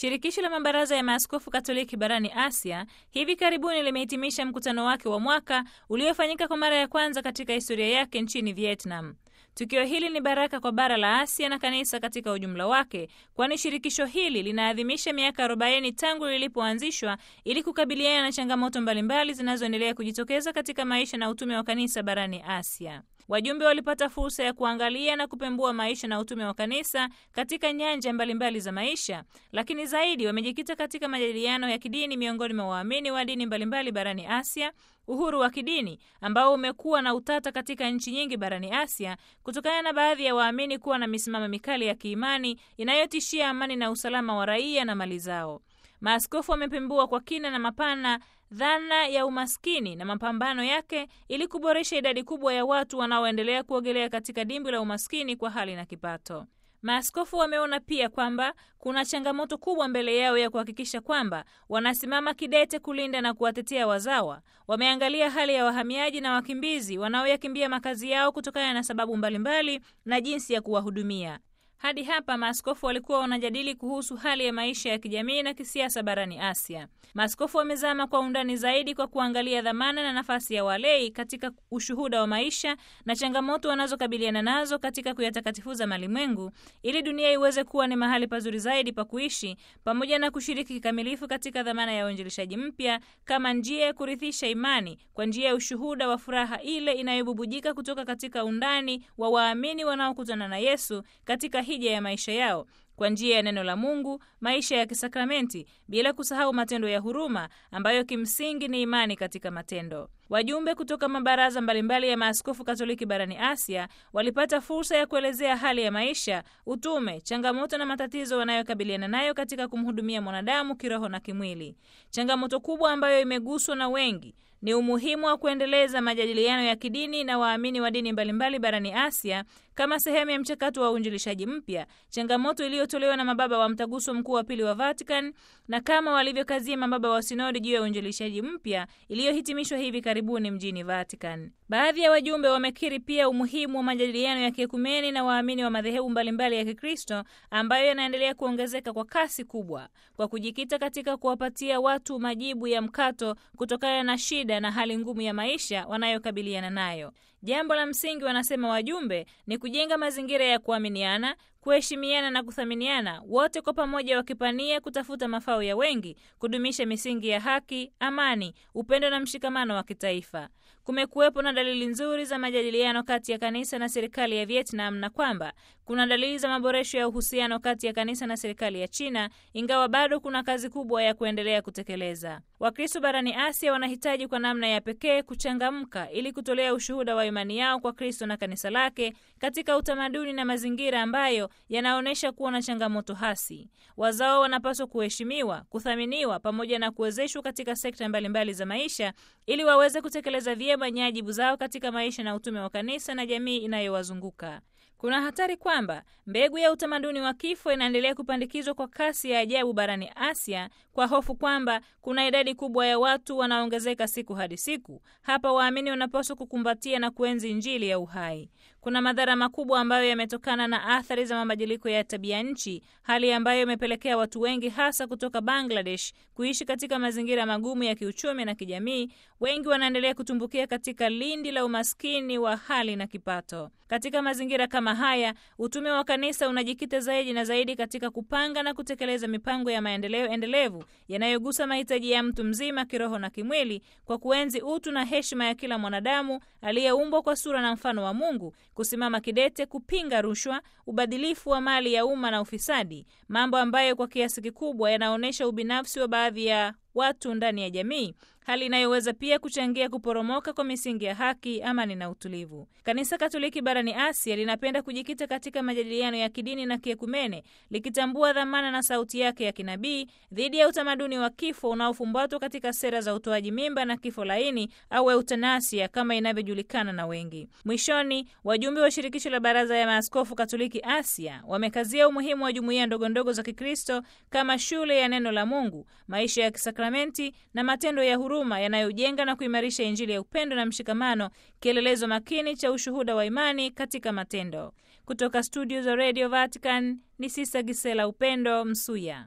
Shirikisho la mabaraza ya maaskofu Katoliki barani Asia hivi karibuni limehitimisha mkutano wake wa mwaka uliofanyika kwa mara ya kwanza katika historia yake nchini Vietnam. Tukio hili ni baraka kwa bara la Asia na kanisa katika ujumla wake, kwani shirikisho hili linaadhimisha miaka 40 tangu lilipoanzishwa ili kukabiliana na changamoto mbalimbali zinazoendelea kujitokeza katika maisha na utume wa kanisa barani Asia. Wajumbe walipata fursa ya kuangalia na kupembua maisha na utume wa kanisa katika nyanja mbalimbali mbali za maisha, lakini zaidi wamejikita katika majadiliano ya kidini miongoni mwa waamini wa dini mbalimbali barani Asia, uhuru wa kidini ambao umekuwa na utata katika nchi nyingi barani Asia kutokana na baadhi ya waamini kuwa na misimamo mikali ya kiimani inayotishia amani na usalama wa raia na mali zao. Maaskofu wamepembua kwa kina na mapana dhana ya umaskini na mapambano yake ili kuboresha idadi kubwa ya watu wanaoendelea kuogelea katika dimbwi la umaskini kwa hali na kipato. Maaskofu wameona pia kwamba kuna changamoto kubwa mbele yao ya kuhakikisha kwamba wanasimama kidete kulinda na kuwatetea wazawa. Wameangalia hali ya wahamiaji na wakimbizi wanaoyakimbia makazi yao kutokana na sababu mbalimbali na jinsi ya kuwahudumia. Hadi hapa maaskofu walikuwa wanajadili kuhusu hali ya maisha ya kijamii na kisiasa barani Asia. Maaskofu wamezama kwa undani zaidi kwa kuangalia dhamana na nafasi ya walei katika ushuhuda wa maisha na changamoto wanazokabiliana nazo katika kuyatakatifuza malimwengu ili dunia iweze kuwa ni mahali pazuri zaidi pa kuishi, pamoja na kushiriki kikamilifu katika dhamana ya uinjilishaji mpya kama njia ya kurithisha imani kwa njia ya ushuhuda wa furaha ile inayobubujika kutoka katika undani wa waamini wanaokutana na Yesu katika hija ya maisha yao kwa njia ya neno la Mungu, maisha ya kisakramenti, bila kusahau matendo ya huruma ambayo kimsingi ni imani katika matendo. Wajumbe kutoka mabaraza mbalimbali ya maaskofu Katoliki barani Asia walipata fursa ya kuelezea hali ya maisha, utume, changamoto na matatizo wanayokabiliana nayo katika kumhudumia mwanadamu kiroho na kimwili. Changamoto kubwa ambayo imeguswa na wengi ni umuhimu wa kuendeleza majadiliano ya kidini na waamini wa dini mbalimbali barani Asia kama sehemu ya mchakato wa uinjilishaji mpya, changamoto iliyotolewa na mababa wa mtaguso mkuu wa pili wa Vatican na kama walivyokazia mababa wa sinodi juu ya uinjilishaji mpya iliyohitimishwa hivi karibu karibuni mjini Vatican. Baadhi ya wajumbe wamekiri pia umuhimu wa majadiliano ya kiekumeni na waamini wa madhehebu mbalimbali ya Kikristo ambayo yanaendelea kuongezeka kwa kasi kubwa kwa kujikita katika kuwapatia watu majibu ya mkato kutokana na shida na hali ngumu ya maisha wanayokabiliana nayo. Jambo la msingi wanasema wajumbe ni kujenga mazingira ya kuaminiana, kuheshimiana na kuthaminiana, wote kwa pamoja wakipania kutafuta mafao ya wengi, kudumisha misingi ya haki, amani, upendo na mshikamano wa kitaifa. Kumekuwepo na dalili nzuri za majadiliano kati ya kanisa na serikali ya Vietnam na kwamba kuna dalili za maboresho ya uhusiano kati ya kanisa na serikali ya China, ingawa bado kuna kazi kubwa ya kuendelea kutekeleza. Wakristo barani Asia wanahitaji kwa namna ya pekee kuchangamka ili kutolea ushuhuda wa imani yao kwa Kristo na kanisa lake katika utamaduni na mazingira ambayo yanaonyesha kuwa na changamoto hasi. Wazao wanapaswa kuheshimiwa, kuthaminiwa pamoja na kuwezeshwa katika sekta mbalimbali mbali za maisha ili waweze kutekeleza vyema nyajibu zao katika maisha na utume wa kanisa na jamii inayowazunguka. Kuna hatari kwamba mbegu ya utamaduni wa kifo inaendelea kupandikizwa kwa kasi ya ajabu barani Asia kwa hofu kwamba kuna idadi kubwa ya watu wanaongezeka siku hadi siku. Hapa waamini wanapaswa kukumbatia na kuenzi njili ya uhai. Kuna madhara makubwa ambayo yametokana na athari za mabadiliko ya tabia nchi, hali ambayo imepelekea watu wengi hasa kutoka Bangladesh kuishi katika mazingira magumu ya kiuchumi na kijamii. Wengi wanaendelea kutumbukia katika lindi la umaskini wa hali na kipato katika mazingira kama kama haya, utume wa kanisa unajikita zaidi na zaidi katika kupanga na kutekeleza mipango ya maendeleo endelevu yanayogusa mahitaji ya mtu mzima kiroho na kimwili, kwa kuenzi utu na heshima ya kila mwanadamu aliyeumbwa kwa sura na mfano wa Mungu, kusimama kidete kupinga rushwa, ubadilifu wa mali ya umma na ufisadi, mambo ambayo kwa kiasi kikubwa yanaonyesha ubinafsi wa baadhi ya watu ndani ya jamii hali inayoweza pia kuchangia kuporomoka kwa misingi ya haki, amani na utulivu. Kanisa Katoliki barani Asia linapenda kujikita katika majadiliano ya kidini na kiekumene, likitambua dhamana na sauti yake ya kinabii dhidi ya utamaduni wa kifo unaofumbatwa katika sera za utoaji mimba na kifo laini au eutanasia kama inavyojulikana na wengi. Mwishoni, wajumbe wa shirikisho la Baraza ya Maaskofu Katoliki Asia wamekazia umuhimu wa jumuiya ndogondogo za Kikristo kama shule ya neno la Mungu, maisha ya kisakramenti na matendo ya huruma huruma yanayojenga na kuimarisha Injili ya upendo na mshikamano, kielelezo makini cha ushuhuda wa imani katika matendo. Kutoka studio za Radio Vatican ni sisa Gisela Upendo Msuya.